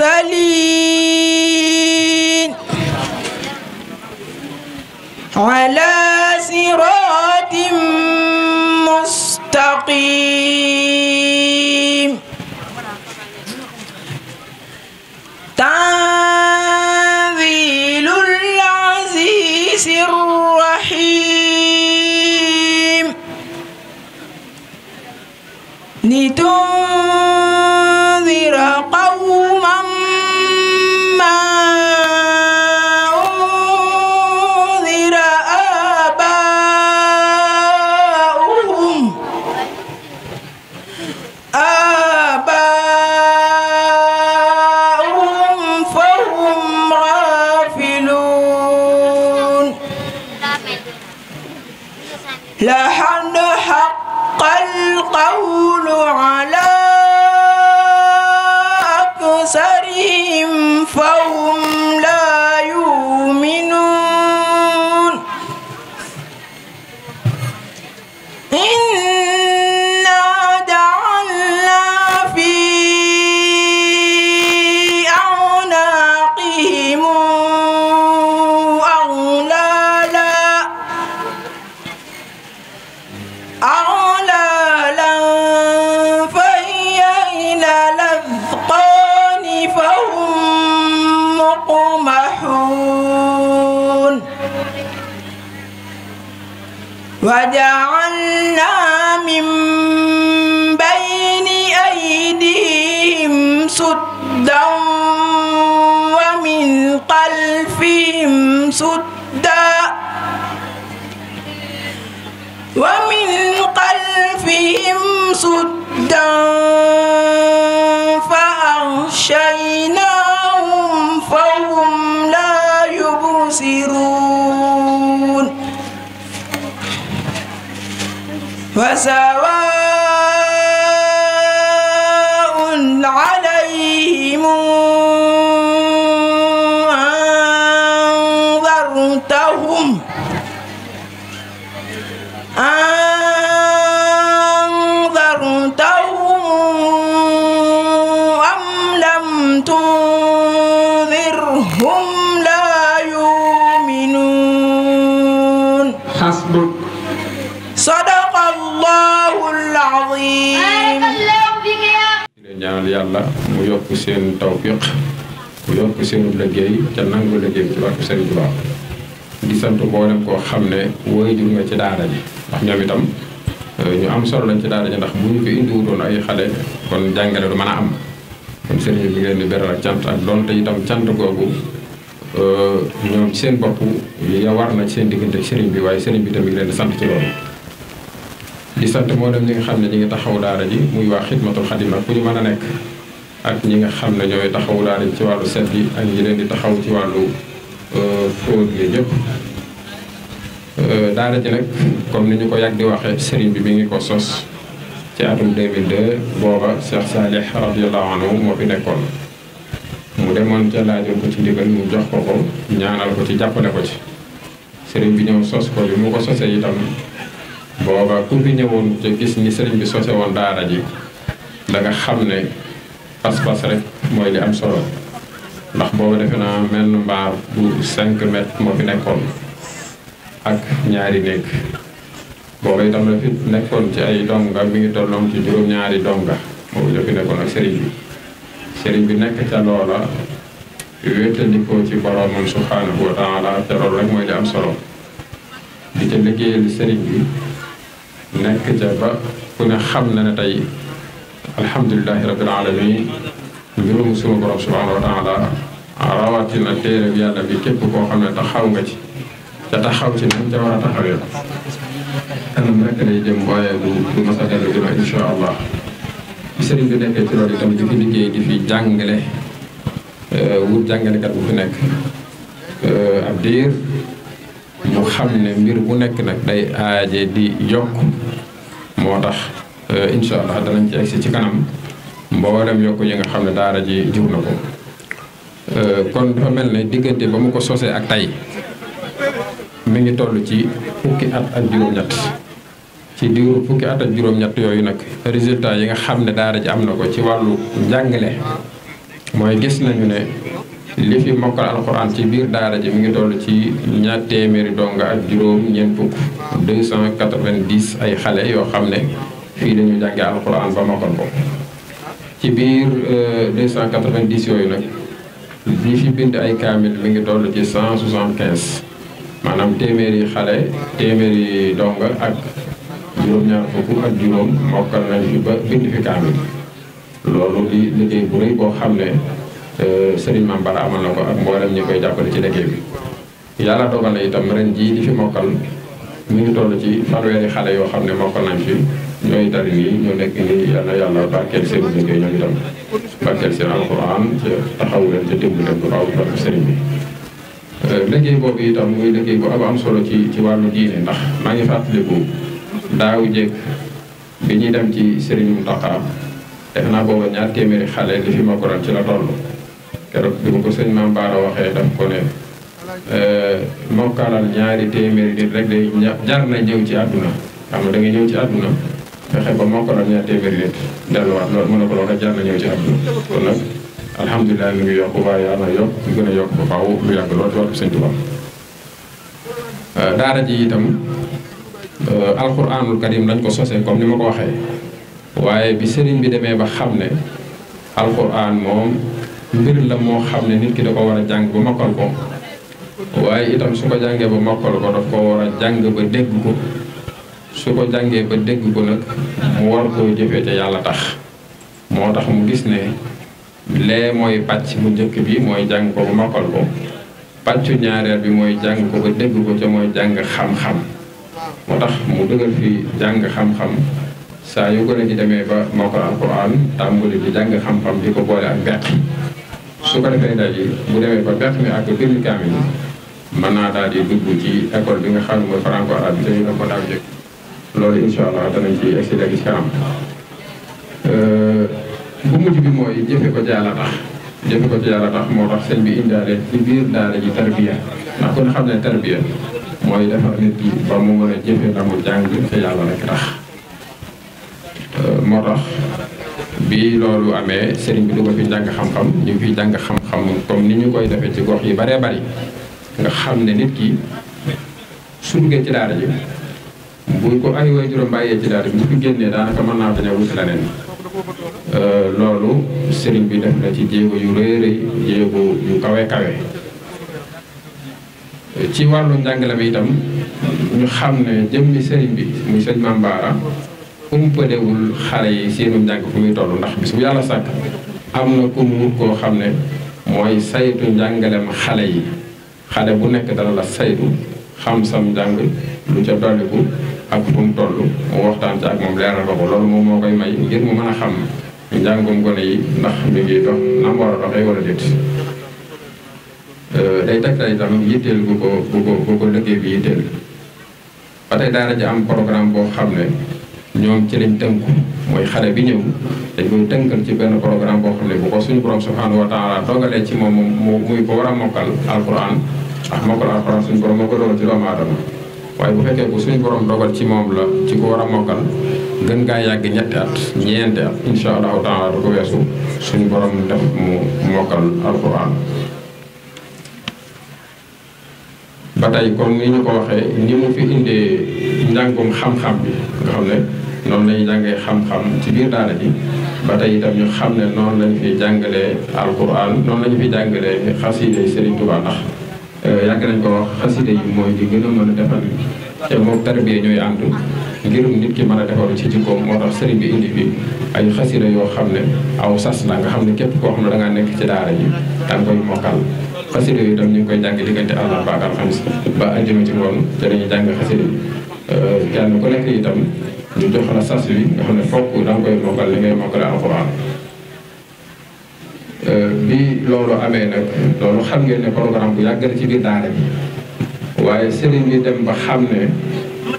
المرسلين على صراط مستقيم لحن حق القول على ومن خلفهم سدا فأغشيناهم فهم لا يبصرون وسواء yokk seen tawfiq yokk seenu liggéey ca nangu liggéey ci barke Sëriñ Tuubaa di sant mboolem koo xam ne waajur nga ci daara ji ndax ñoom itam euh, ñu am solo lañ ci daara ji ndax bu ñu ko indiwutoon ay xale kon jàngale du mën a am kon bi ngeen di beral ak cant ak donte itam cant googu euh, ñoom seen bopp ya war na diggante ak bi waaye sëriñ bi tamit leen di sant ci loolu di sant moo dem ñi nga xam ne ñu ngi taxaw daara ji muy waa xidmatul xadim ak ñu mën a nekk ak ñi nga xam ne ñooy taxawu daal ci wàllu set gi ak ñi leen di taxaw ci wàllu euh, fóot gi yëpp euh, daara ji nag comme ni ñu ko yàgg di waxee sëriñ bi bi ngi ko sos ci atum 2002 booba Cheikh Salih radiyallahu anhu moo nekkoon mu demoon ca laajoon ci ndigal mu jox ko ko ñaanal ko ci jàppale ko ci sëriñ bi ñëw sos bi mu ko sosee itam booba ku fi ñëwoon te gis ni sëriñ bi sose woon daara ji da nga xam ne pas-pas rek mooy li am solo ndax boobu defe naa mel mbaar bu cinq mètres moo fi nekkoon ak ñaari néeg boobu itam la nekkoon ci ay donga mi ngi tolloon ci juróom-ñaari donga boobu la fi nekkoon ak sëriñ bi sëriñ bi nekk ca solo di bi nekk ca ba ku ne xam na ne tey alhamdulilahi rabbil alamin ngërëmu sunu borom subhanahu wa taala rawatina téere bi yàlla bi képp koo xam ne taxaw nga ci te taxaw ci nam ca war a taxawee kanam rek lay jëm waaye du du mas a di fi liggéey di fi jàngale euh, wut jàngalekat bu fi nekk euh, ab mu xam ne mbir bu nekk nag day aaje di yokk moo tax Euh, incha allah danañ ci egsi ci kanam mboolem yokku yi nga xam ne daara ji jur na ko euh, kon dafa mel ne diggante ba mu ko sosee ak tey mu ngi toll ci fukki at ak juróom-ñett ci diiru fukki at ak juróom yooyu nag résultat yi nga xam ne daara ji am na ko ci wàllu njàngale mooy gis nañu ne li fi mokkal alxuraan ci biir daara ji mi ngi toll ci ñaar téeméeri donga ak juróom ñeent fukk 290 ay xale yoo xam ne fii dañu jàngee alxuraan ba mokkal ko ci biir 290 euh, yooyu nag ñi fi bind ay kaamil mi ngi toll ci 175 maanaam téeméeri xale téeméeri donga ak juróom-ñaar fukk ak juróom mokkal nañ fi ba bind fi kaamil loolu di liggéey bu rëy boo xam ne euh, Serigne Mame Bara amal na ko ak mboolem ñi koy jàppale ci liggéey bi yàlla dogal na itam ren jii di fi mokkal mi ngi toll ci fanweeri xale yoo xam ne mokkal nañ fi ñooy dal nii ñu nekk nii yàlla yàlla barkeel seen liggéey ñoom itam barkeel seen alxuraan taxaw leen te dimb leen bu baax barke sëriñ euh, am solo ci ci wàllu ndax maa ngi fàttaliku daaw jéeg bi ñuy dem ci sëriñ Mountakha def naa booba ñaar téeméeri xale li fi ma ko euh, ñaari téeméer nit rek day na ñëw ci àdduna xam nga da ñëw ci àdduna fexe ba moo ko doon ñaar téeméeri nit delluwaat loolu mu ko na ñëw ci am kon gën a yokk ba faaw lu yàgg lool ci wàllu sëñ euh, daara ji itam euh, alquranul karim lañ ko sosee comme ni ma ko waxee waaye bi sëriñ bi demee ba xam ne alquran moom mbir la moo xam ne nit ki da ko war a jàng ba mokkal ko waaye itam su ko jàngee ba mokkal ko daf ko war a jàng ba dégg ko su ko jàngee ba dégg ko nag mu war koo jëfee ca yàlla tax moo tax mu gis ne lee mooy pàcc bu njëkk bi mooy jàng ko ba mokkal ko pàccu ñaareel bi mooy jàng ko ba dégg ko ca mooy jàng xam-xam moo tax mu dëggal fi jàng xam-xam saa yu gone gi demee ba mokkal alquran tàmbali di jàng xam-xam ko boole ak beq su bu demee ba beq mi ak bind kaamil man naa daal yi dugg ci école bi nga xam ne mooy franco arabe bi dañu la ko daaw jëkk loolu incha allah danañ ci egsi léegi ci kanam euh, bu mujj bi mooy jëfe ko jaala tax jëfe ko jaala tax moo tax sëñ bi indaale ci biir daara ji tarbiya ndax kon xam ne tarbiya mooy defar nit ki ba mu mën a jëfe la mu jàng te yàlla rek tax euh, moo tax bi loolu amee sëriñ bi du ko fi jàng xam-xam ñu fi jàng xam-xam comme ni ñu koy defee ci gox yi baree bari nga xam ne nit ki su duggee ci daara ji buñ ko ay waajuram bàyyee ci daara bi bu fi génnee daanaka mën naa dañoo wuti leneen euh, loolu sëriñ bi def na ci jéego yu rëy rëy jéego yu kawe kawe ci wàllu njàngale bi itam ñu xam ne jëmmi sëriñ bi muy sëñ Mame Bara umpalewul xale yi seenu njàng fu muy toll ndax bis bu yàlla sàkk am na ku mu koo xam ne mooy saytu njàngalem xale yi xale bu nekk dala la saytu xam sam njàng lu ca dolliku ak fu mu toll mu waxtaan ci ak moom leeral ko ko loolu moom moo koy may ngir mu mën a xam njàngum gone yi ndax mi ngi dox nam war a doxee wala déet euh, day tegtal itam yitteel bu ko bi yitteel ba tey am programme boo xam ne ñoom ci lañ tënku mooy xale bi ñëw dañ koy tënkal ci benn programme boo xam ne bu ko suñu borom subhanahu wa taala dogalee ci moom mu muy ko war a mokkal alquran ndax mokkal alquran suñu borom moo ko dogal ci doomu aadama waaye bu fekkee bu suñu borom dogal ci moom la ci ko war a mokkal gën gaa yàgg ñetti at ñeenti at incha allahu taala du ko weesu suñu borom def mu mokkal alquran ba tey kon ni ñu ko waxee ni mu fi indee njàngum xam-xam bi nga xam ne noonu lañu jàngee xam-xam ci biir daara ji ba tey itam ñu xam ne noonu lañu fi jàngalee alquran noonu lañu fi jàngalee xasiide Serigne Touba ndax Euh, yàgg nañ ko wax yi mooy li gën a mën a defal te moom tarbiya ñooy ànd ngir nit ki mën a defaru ci jikkoom moo tax sëriñ bi indi bi ay xasida yoo xam ne aw sas la nga xam ne képp koo xam ne da nekk ci daara yi da nga koy mokkal xasida yooyu itam ñu ngi koy jàng diggante àllarba ak alxamis ba àjjuma ci ngoon te dañuy jàng xasida yi euh, kenn ku nekk itam ñu jox la sas bi nga xam ne fokk da nga koy mokkal li ngay mokkale alxuraan Euh, bi loolu amee nag loolu xam ngeen ne programme bu yàgg ci biir daara bi waaye sëriñ bi dem ba xam ne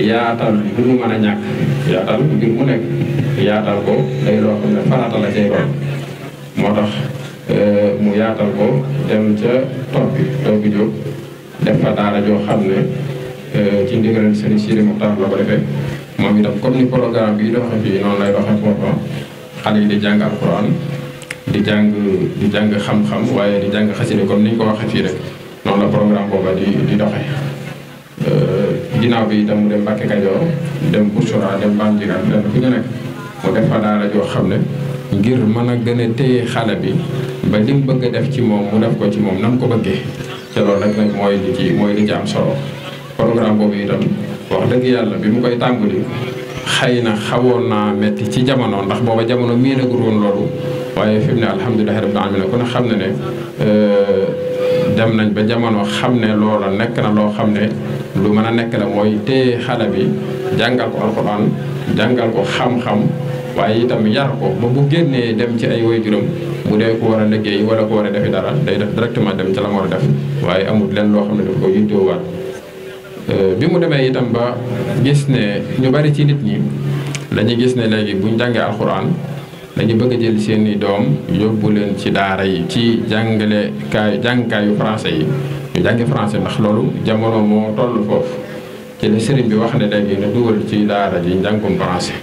yaatal bu mu mën a ñàkk yaatal ngir mu nekk yaatal ko day tax euh, mu yaatal ko dem ca topp bi jóg def fa daara joo xam ne euh, ci ndigalal sëriñ Sidi Muxtaar la ko defee moom itam comme ni programme bi doxee fii noonu lay doxee foofa xale yi di jàng alxuraan di jàng di jàng xam-xam waaye di jàng xasida comme ni ñu ko waxee fii rek noonu la programme booba di di doxee. Euh, bi itam mu dem Mbacke Kajoor dem Bouchra dem Bandiran dem fu xam ne. ngir mën a gën a téye bi ba li mu bëgg def ci moom mu ko ci moom nam ko bëggee te mooy li ci mooy li ci am solo programme boobu itam wax dëgg yàlla bi mu koy tàmbali xëy na xawoon naa métti ci jamono ndax booba jamono miinagul woon loolu. waaye fi mu ne alhamdulilah rabbil alamin kon xam na ne euh, nañ ba jamono xam ne loola nekk na loo xam ne lu mën a nekk la mooy téye xale bi jàngal ko alquran jàngal ko xam-xam waaye itam yar ko ba bu génnee dem ci ay waajuram bu dee ko war a liggéey wala ko war a defi dara day def directement dem ci la mu war a def waaye amul lenn loo xam ne daf ko yittoowaat euh, bi mu demee itam ba gis ne ñu bari ci nit ñi lañuy gis ne léegi buñ jàngee alquran dañu bëgg a jël seen i doom yóbbu leen ci daara yi ci jàngale kaay jàngkaayu français yi ñu jàngi français ndax loolu jamono moo toll foofu ci la sëriñ bi wax ne léegi ñu dugal ci daara ji njàngum français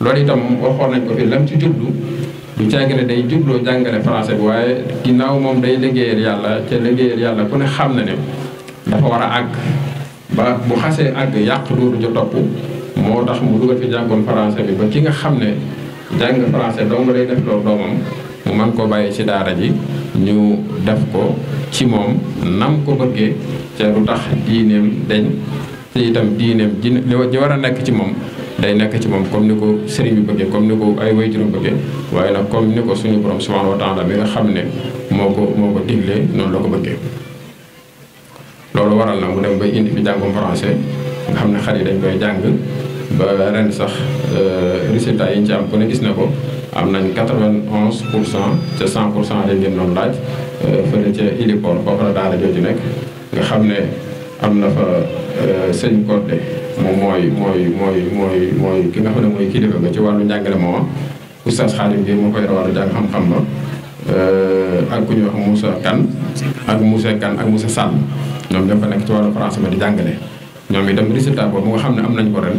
loolu itam waxoon nañ ko fi lam ci jublu du caagi ne day jubloo jàngale français bi waaye ginnaaw moom day liggéeyal yàlla ca liggéeyal yàlla ku ne xam na ne dafa war a àgg ba bu xasee àgg yàq loolu ca topp moo tax mu dugal fi jàngoon français bi ba ki nga xam ne jàng français dong lay def loolu doomam mu man ko bàyyi ci daara ji ñu def ko ci moom nam ko bëggee te du tax diineem dañ te itam diineem ji li war a nekk ci moom day nekk ci moom comme ni ko sëriñ bi bëggee comme ni ko ay wayjuram bëggee waaye nag comme ni ko suñu borom subhanahu wa taala bi nga xam ne moo ko moo ko digle noonu la ko bëggee loolu waral na mu dem bay indi fi jàngum français nga xam ne xale yi dañ koy jàng ba ren sax euh, résultat yi ñu ci am ne gis na ko am nañ 91 pour cent ca 100 pour cent dañ leen doon laaj euh, fële ca Ilipor foofu la daara jooju nga xam ne am na fa euh, sëñ Codé moom mooy mooy mooy mooy mooy ki nga xam ne mooy kilifa ba ci wàllu njàngale moom oustaz Xaadim bi moo koy wàllu jàng xam-xam ba ak ku ñuy wax Moussa Kane ak Moussa Kane ak Moussa Sall ñoom ñoo fa nekk ci wàllu français ba di jàngale ñoom itam résultat boobu nga xam ne am nañ ko ren.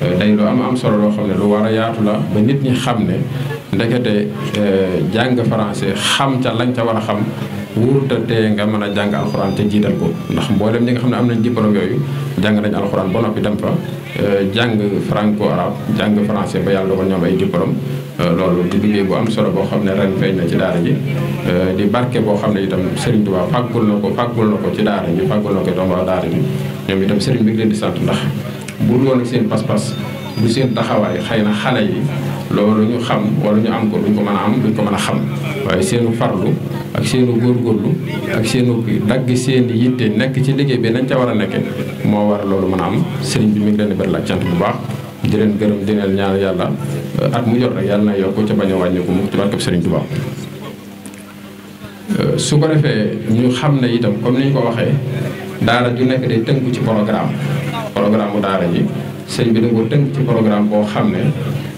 day lu am am solo loo xam ne lu war a yaatu la ba nit ñi xam ne ndekete eh, jàng français xam ca lañ ca war a xam wuurta tee nga mën a jàng alxuraan te jiital ko ndax mboolem ñi nga xam ne am nañ diplôme yooyu jàng nañ alxuraan ba noppi dem fa eh, jàng franco arabe jàng français ba yàlla ko ñoom ay diplôme eh, loolu di liggéey bu am solo boo xam ne ren feeñ na ci daara ji di barke boo xam ne itam Serigne Touba fàggul na ko fàggul na ko ci daara ji fàggul na ko itam waa daara ji ñoom ngi leen di sant ndax bu dul woon seen pas-pas bu seen taxawaay xëy na xale yi loolu ñu xam wala ñu am ko duñ ko mën a am duñ ko mën a xam waaye seenu farlu ak seenu góorgóorlu ak seenu dagg seen yitte nekk ci liggéey bi nañ ca war a nekke moo war loolu mën a am sëriñ bi mi ngi leen bu baax di gërëm di leen ñaan uh, at mu jot rek yàlla na yokk ca bañ a wàññeeku mu ci barkab sëriñ Tuubaa uh, su ko defee ñu xam ne itam comme ni ñu ko waxee daara ju nekk day tënku ci programme programme bu daara ji sëñ bi da ko tënk ci programme boo xam ne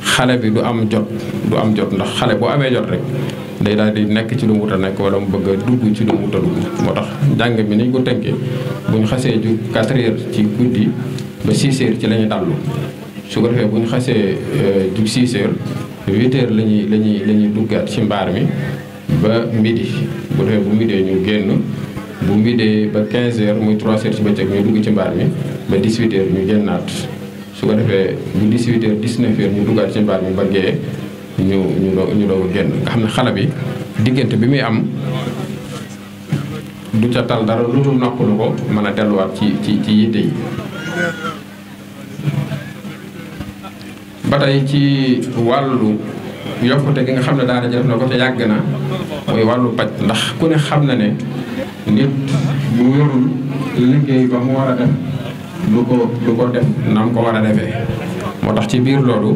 xale bi du am jot du am jot ndax xale boo amee jot rek day daal di nekk ci lu mu a nekk wala mu bëgg a dugg ci lu mu dugg moo tax njàng bi niñ ko tënkee bu ñu xasee ju 4 heures ci guddi ba 6 ci la ñu su ko defee bu xasee euh, jug 6 heures 8 heures la ñuy la ñuy la ñuy duggaat ci mbaar mi ba midi bu defee bu midee ñu génn bu midee ba 15 heures muy 3 heures ci bëccëg ñu dugg ci mbaar mi. ba 18 heures ñu génnaat su ko defee bu 18 heures 19 heures ñu duggaat ci mbaar mi ba ñu ñu doo génn nga xam ne xale bi diggante bi muy am du ca tal dara lu dul noppalu ko mën a delluwaat ci ci ci yitte yi ba tey ci wàllu yokkute gi nga xam ne daara def na ko ca yàgg na mooy wàllu paj ndax ku ne xam na ne nit bu wérul liggéey ba mu war a def du ko du ko def nam ko war a defee moo tax ci biir loolu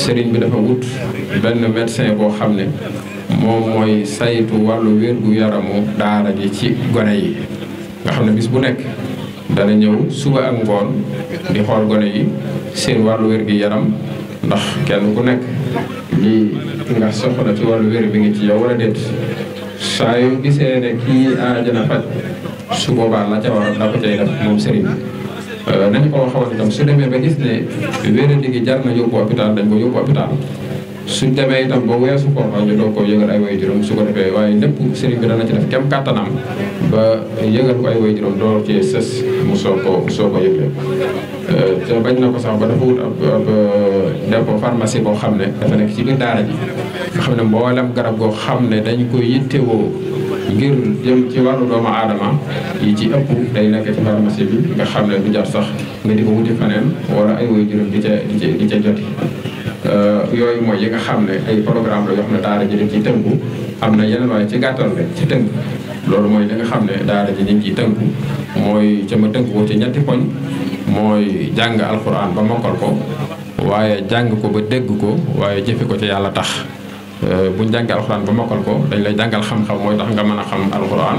sëriñ bi dafa wut benn médecin boo xam ne moom mooy saytu wàllu wér gu yaramu daara ji ci gone yi nga xam ne bis bu nekk dana ñëw suba ak ngoon di xool gone yi seen wàllu wér gi yaram ndax kenn ku nekk lii nga soxla ci wàllu wér bi ngi ci yow wala déet saa yu gisee ne kii aajana faj su boobaa la ca war a cay def moom sëriñ nañu ko xamal itam su demee ba gis ne wéerandi gi jar na yóbbu hôpital dañ ko yóbbu hôpital suñ demee itam ba weesu koor ñu doog ko yëgal ay juróom su ko defee waaye lépp sëriñ bi dana ci def kem kàttanam ba yëgal ko ay way juróom door ci sës mu soo ko soo ko yëgle euh, te bañ na ko sax ba dafa wut ab euh, def ko pharmacie boo xam ne dafa nekk ci biir daara ji xam ne mboolem garab goo xam ne dañ koy yittewoo ngir jëm ci wàllu doomu aadama yi ci ëpp day nekk ci pharmacie bi nga xam ne du jar sax nga di ko wuti faneen wala ay way juróom di ca di ca di ca joti euh, yooyu mooy yi nga xam ne ay programme la yoo xam ne daara ji dañ ciy tënku am na yeneen waaye ci gàttal rek ci tënk loolu mooy li nga xam ne daara ciy tënku mooy ca ma tënk ci ñetti poñ mooy jàng alxuraan ba mokkal ko waaye jàng ko ba dégg ko waaye jëfe ko ci yàlla tax Euh, bu jàngee alxuraan ba mokkal ko dañ lay jàngal xam-xam mooy tax nga mën a xam alxuraan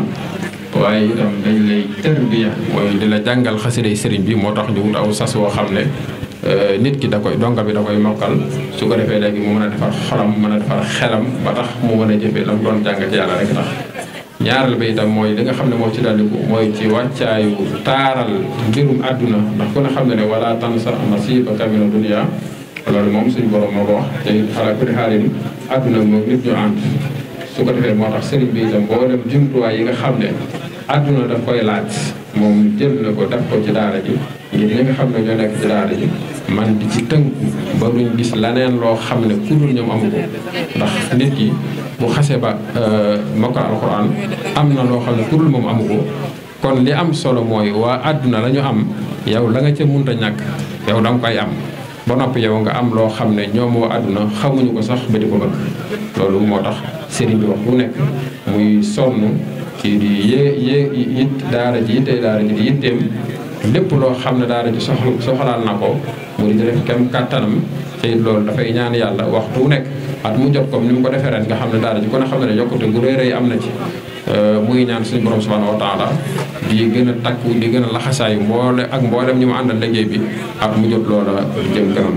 waaye itam dañ lay tarbiya mooy di la jàngal xasiday sëriñ bi moo tax ñu wut aw sas woo xam ne euh, nit ki da koy donga bi da koy mokkal su ko defee léegi mu mën a defar xolam mën a defar xelam ba tax mu mën a jëfee lam yàlla rek tax ba itam mooy li nga xam ne moo ci daliku mooy ci wàccaayu taaral mbirum àdduna ndax ku ne xam ne ne wala tansa a mina dunya loolu moom suñu borom moo ko wax te ala kulli xaalin àdduna moom nit ñu ànd su ko defee moo tax sëriñ bi itam mboolem jumtuwaay yi nga xam ne àdduna daf koy laaj moom jël na ko def ko ci daara ji ngir ñi nga ne ñoo nekk ci daara ji man di ci tënku ba duñ gis laneen loo xam ne ku dul ñoom amu ndax nit ki bu xase ba euh, mokkal alxuraan am na loo xam ne ku moom amu kon li am solo mooy waa àdduna la ñu am yow la nga ca munta ñàkk yow danga koy am ba noppi yow nga am loo xam ne ñoom waa àdduna xamuñu ko sax ba di ko bëgg loolu moo tax sëriñ bi wax lu nekk muy sonn ci di yée yée it daara ji yitte daara ji di yitteem lépp loo xam ne daara ji soxla soxlaal na ko mu di def kem kàttanam te it loolu dafay ñaan yàlla waxtu wu nekk at mu jot comme ni mu ko defee nga xam ne daara ji kon a xam ne yokkute gu rëy rëy am na ci Euh, mu ngi ñaan suñu borom subhanahu wa taala di gën a takku di gën a laxasaayu mboole ak mboolem ñu mu àndal liggéey bi ak mu jot loola jëm kanam